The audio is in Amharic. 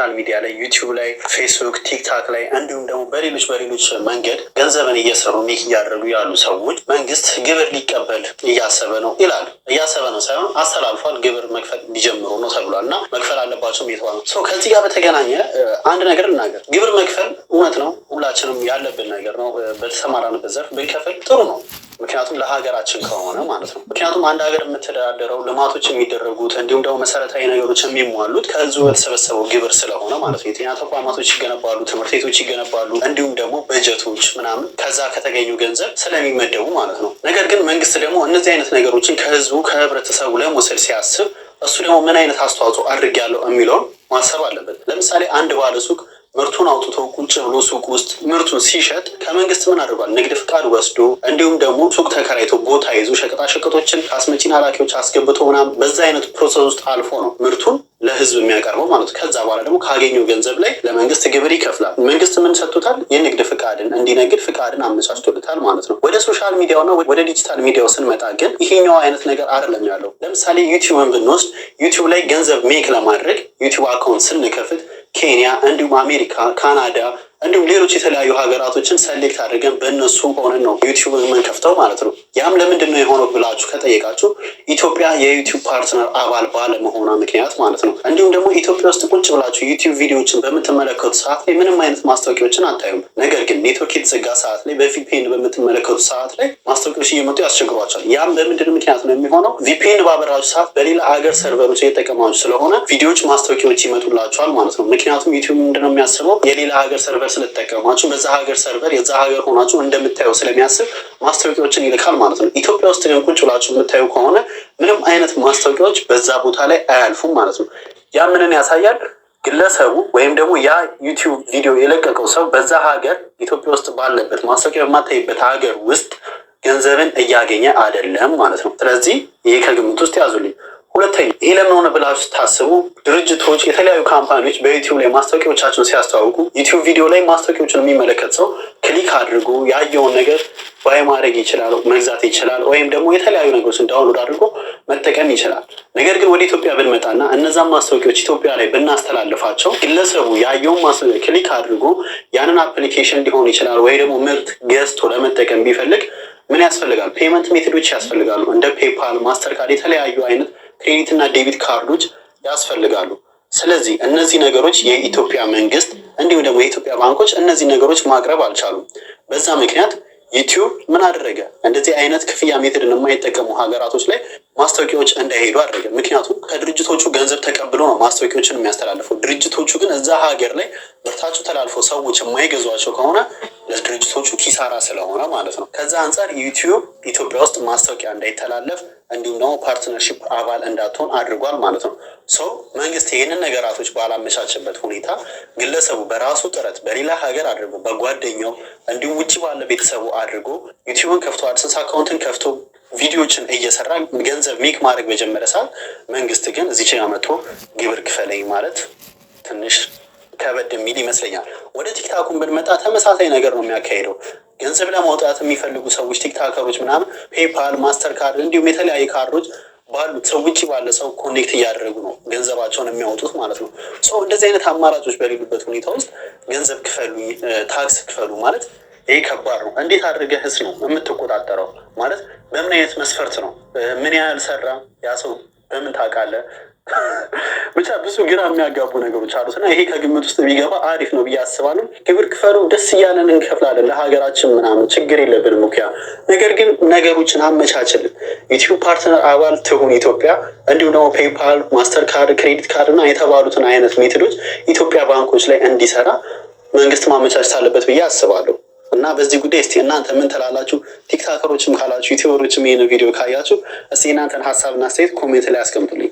ሶሻል ሚዲያ ላይ ዩቲዩብ ላይ ፌስቡክ፣ ቲክታክ ላይ እንዲሁም ደግሞ በሌሎች በሌሎች መንገድ ገንዘብን እየሰሩ ሜክ እያደረጉ ያሉ ሰዎች መንግስት ግብር ሊቀበል እያሰበ ነው ይላሉ። እያሰበ ነው ሳይሆን አስተላልፏል። ግብር መክፈል ሊጀምሩ ነው ተብሏል እና መክፈል አለባቸውም የተባለ ነው። ከዚህ ጋር በተገናኘ አንድ ነገር እናገር። ግብር መክፈል እውነት ነው፣ ሁላችንም ያለብን ነገር ነው። በተሰማራንበት ዘርፍ ብንከፍል ጥሩ ነው። ምክንያቱም ለሀገራችን ከሆነ ማለት ነው። ምክንያቱም አንድ ሀገር የምትተዳደረው ልማቶች የሚደረጉት እንዲሁም ደግሞ መሰረታዊ ነገሮች የሚሟሉት ከህዝቡ በተሰበሰበው ግብር ስለሆነ ማለት ነው። የጤና ተቋማቶች ይገነባሉ፣ ትምህርት ቤቶች ይገነባሉ፣ እንዲሁም ደግሞ በጀቶች ምናምን ከዛ ከተገኙ ገንዘብ ስለሚመደቡ ማለት ነው። ነገር ግን መንግስት ደግሞ እነዚህ አይነት ነገሮችን ከህዝቡ ከህብረተሰቡ ላይ መውሰድ ሲያስብ እሱ ደግሞ ምን አይነት አስተዋጽኦ አድርጌያለሁ የሚለውን ማሰብ አለበት። ለምሳሌ አንድ ባለሱቅ ምርቱን አውጥቶ ቁጭ ብሎ ሱቅ ውስጥ ምርቱን ሲሸጥ ከመንግስት ምን አድርጓል? ንግድ ፍቃድ ወስዶ እንዲሁም ደግሞ ሱቅ ተከራይቶ ቦታ ይዞ ሸቀጣሸቀጦችን ከአስመጪና ላኪዎች አስገብቶ ምናምን በዛ አይነት ፕሮሰስ ውስጥ አልፎ ነው ምርቱን ለህዝብ የሚያቀርበው ማለት ከዛ በኋላ ደግሞ ካገኘው ገንዘብ ላይ ለመንግስት ግብር ይከፍላል። መንግስት ምን ሰጥቶታል? የንግድ ፍቃድን እንዲነግድ ፍቃድን አመቻችቶልታል ማለት ነው። ወደ ሶሻል ሚዲያውና ወደ ዲጂታል ሚዲያው ስንመጣ ግን ይሄኛው አይነት ነገር አይደለም ያለው። ለምሳሌ ዩቲዩብን ብንወስድ ዩቲዩብ ላይ ገንዘብ ሜክ ለማድረግ ዩቲዩብ አካውንት ስንከፍት ኬንያ እንዲሁም አሜሪካ፣ ካናዳ እንዲሁም ሌሎች የተለያዩ ሀገራቶችን ሰሌክት አድርገን በእነሱ ሆነን ነው ዩቲዩብ የምንከፍተው ማለት ነው። ያም ለምንድን ነው የሆነው ብላችሁ ከጠየቃችሁ ኢትዮጵያ የዩቲዩብ ፓርትነር አባል ባለመሆኗ ምክንያት ማለት ነው። እንዲሁም ደግሞ ኢትዮጵያ ውስጥ ቁጭ ብላችሁ ዩቲዩብ ቪዲዮዎችን በምትመለከቱ ሰዓት ላይ ምንም አይነት ማስታወቂያዎችን አታዩም። ነገር ግን ኔትወርክ የተዘጋ ሰዓት ላይ በቪፒኤን በምትመለከቱ ሰዓት ላይ ማስታወቂያዎች እየመጡ ያስቸግሯቸዋል። ያም በምንድን ምክንያት ነው የሚሆነው? ቪፒኤን ባበራችሁ ሰዓት በሌላ ሀገር ሰርቨሮች እየተጠቀማችሁ ስለሆነ ቪዲዮዎች ማስታወቂያዎች ይመጡላቸዋል ማለት ነው። ምክንያቱም ዩቲዩብ ምንድነው የሚያስበው የሌላ ሀገር ሰርቨር ስለተጠቀማችሁ በዛ ሀገር ሰርቨር የዛ ሀገር ሆናችሁ እንደምታየው ስለሚያስብ ማስታወቂያዎችን ይልካል ማለት ነው። ኢትዮጵያ ውስጥ ግን ቁጭ ብላችሁ የምታዩ ከሆነ ምንም አይነት ማስታወቂያዎች በዛ ቦታ ላይ አያልፉም ማለት ነው። ያ ምንን ያሳያል? ግለሰቡ ወይም ደግሞ ያ ዩቲዩብ ቪዲዮ የለቀቀው ሰው በዛ ሀገር ኢትዮጵያ ውስጥ ባለበት ማስታወቂያ በማታይበት ሀገር ውስጥ ገንዘብን እያገኘ አይደለም ማለት ነው። ስለዚህ ይሄ ከግምት ውስጥ ያዙልኝ። ሁለተኛ ይሄ ለምን ሆነ ብላችሁ ስታስቡ ድርጅቶች፣ የተለያዩ ካምፓኒዎች በዩቲዩብ ላይ ማስታወቂያዎቻቸውን ሲያስተዋውቁ ዩቲዩብ ቪዲዮ ላይ ማስታወቂያዎችን የሚመለከት ሰው ክሊክ አድርጎ ያየውን ነገር ባይ ማድረግ ይችላል፣ መግዛት ይችላል፣ ወይም ደግሞ የተለያዩ ነገሮችን ዳውንሎድ አድርጎ መጠቀም ይችላል። ነገር ግን ወደ ኢትዮጵያ ብንመጣና እነዛን ማስታወቂያዎች ኢትዮጵያ ላይ ብናስተላልፋቸው ግለሰቡ ያየውን ማስታወቂያ ክሊክ አድርጎ ያንን አፕሊኬሽን ሊሆን ይችላል ወይ ደግሞ ምርት ገዝቶ ለመጠቀም ቢፈልግ ምን ያስፈልጋል? ፔመንት ሜቶዶች ያስፈልጋሉ። እንደ ፔፓል፣ ማስተርካርድ የተለያዩ አይነት ክሬዲት እና ዴቢት ካርዶች ያስፈልጋሉ። ስለዚህ እነዚህ ነገሮች የኢትዮጵያ መንግስት እንዲሁም ደግሞ የኢትዮጵያ ባንኮች እነዚህ ነገሮች ማቅረብ አልቻሉም። በዛ ምክንያት ዩቲዩብ ምን አደረገ? እንደዚህ አይነት ክፍያ ሜትድን የማይጠቀሙ ሀገራቶች ላይ ማስታወቂያዎች እንዳይሄዱ አደረገ። ምክንያቱም ከድርጅቶቹ ገንዘብ ተቀብሎ ነው ማስታወቂያዎችን የሚያስተላልፈው። ድርጅቶቹ ግን እዛ ሀገር ላይ ብርታቸው ተላልፎ ሰዎች የማይገዟቸው ከሆነ ለድርጅቶቹ ኪሳራ ስለሆነ ማለት ነው። ከዛ አንጻር ዩቲዩብ ኢትዮጵያ ውስጥ ማስታወቂያ እንዳይተላለፍ እንዲሁም ደግሞ ፓርትነርሺፕ አባል እንዳትሆን አድርጓል ማለት ነው። ሰው መንግስት ይህንን ነገራቶች ባላመቻችበት ሁኔታ ግለሰቡ በራሱ ጥረት በሌላ ሀገር አድርጎ በጓደኛው እንዲሁም ውጭ ባለ ቤተሰቡ አድርጎ ዩቲዩብን ከፍቶ አድሰንስ አካውንትን ከፍቶ ቪዲዮችን እየሰራ ገንዘብ ሜክ ማድረግ በጀመረ ሰዓት መንግስት ግን እዚህ መጥቶ ግብር ክፈለኝ ማለት ትንሽ ከበድ የሚል ይመስለኛል። ወደ ቲክታኩን ብንመጣ ተመሳሳይ ነገር ነው የሚያካሄደው። ገንዘብ ለማውጣት የሚፈልጉ ሰዎች ቲክታከሮች ምናምን ፔፓል፣ ማስተር ካርድ እንዲሁም የተለያዩ ካርዶች ባሉት ሰው ውጭ ባለ ሰው ኮኔክት እያደረጉ ነው ገንዘባቸውን የሚያወጡት ማለት ነው። እንደዚህ አይነት አማራጮች በሌሉበት ሁኔታ ውስጥ ገንዘብ ክፈሉ፣ ታክስ ክፈሉ ማለት ይሄ ከባድ ነው። እንዴት ህስ ነው የምትቆጣጠረው? ማለት በምን አይነት መስፈርት ነው? ምን ያህል ሰራ ያ ሰው በምን ታውቃለህ? ብቻ ብዙ ግራ የሚያጋቡ ነገሮች አሉት እና ይሄ ከግምት ውስጥ ቢገባ አሪፍ ነው ብዬ አስባለሁ። ግብር ክፈሉ፣ ደስ እያለን እንከፍላለን ለሀገራችን ምናምን ችግር የለብንም። ሙኪያ ነገር ግን ነገሮችን አመቻችልን። ዩቲዩብ ፓርትነር አባል ትሁን ኢትዮጵያ፣ እንዲሁም ደግሞ ፔይፓል፣ ማስተር ካርድ፣ ክሬዲት ካርድ እና የተባሉትን አይነት ሜትዶች ኢትዮጵያ ባንኮች ላይ እንዲሰራ መንግስት ማመቻቸት አለበት ብዬ አስባለሁ። እና በዚህ ጉዳይ እስቲ እናንተ ምን ትላላችሁ? ቲክታከሮችም ካላችሁ ዩቲዩበሮችም ይህን ቪዲዮ ካያችሁ እስቲ እናንተን ሀሳብና አስተያየት ኮሜንት ላይ አስቀምጡልኝ።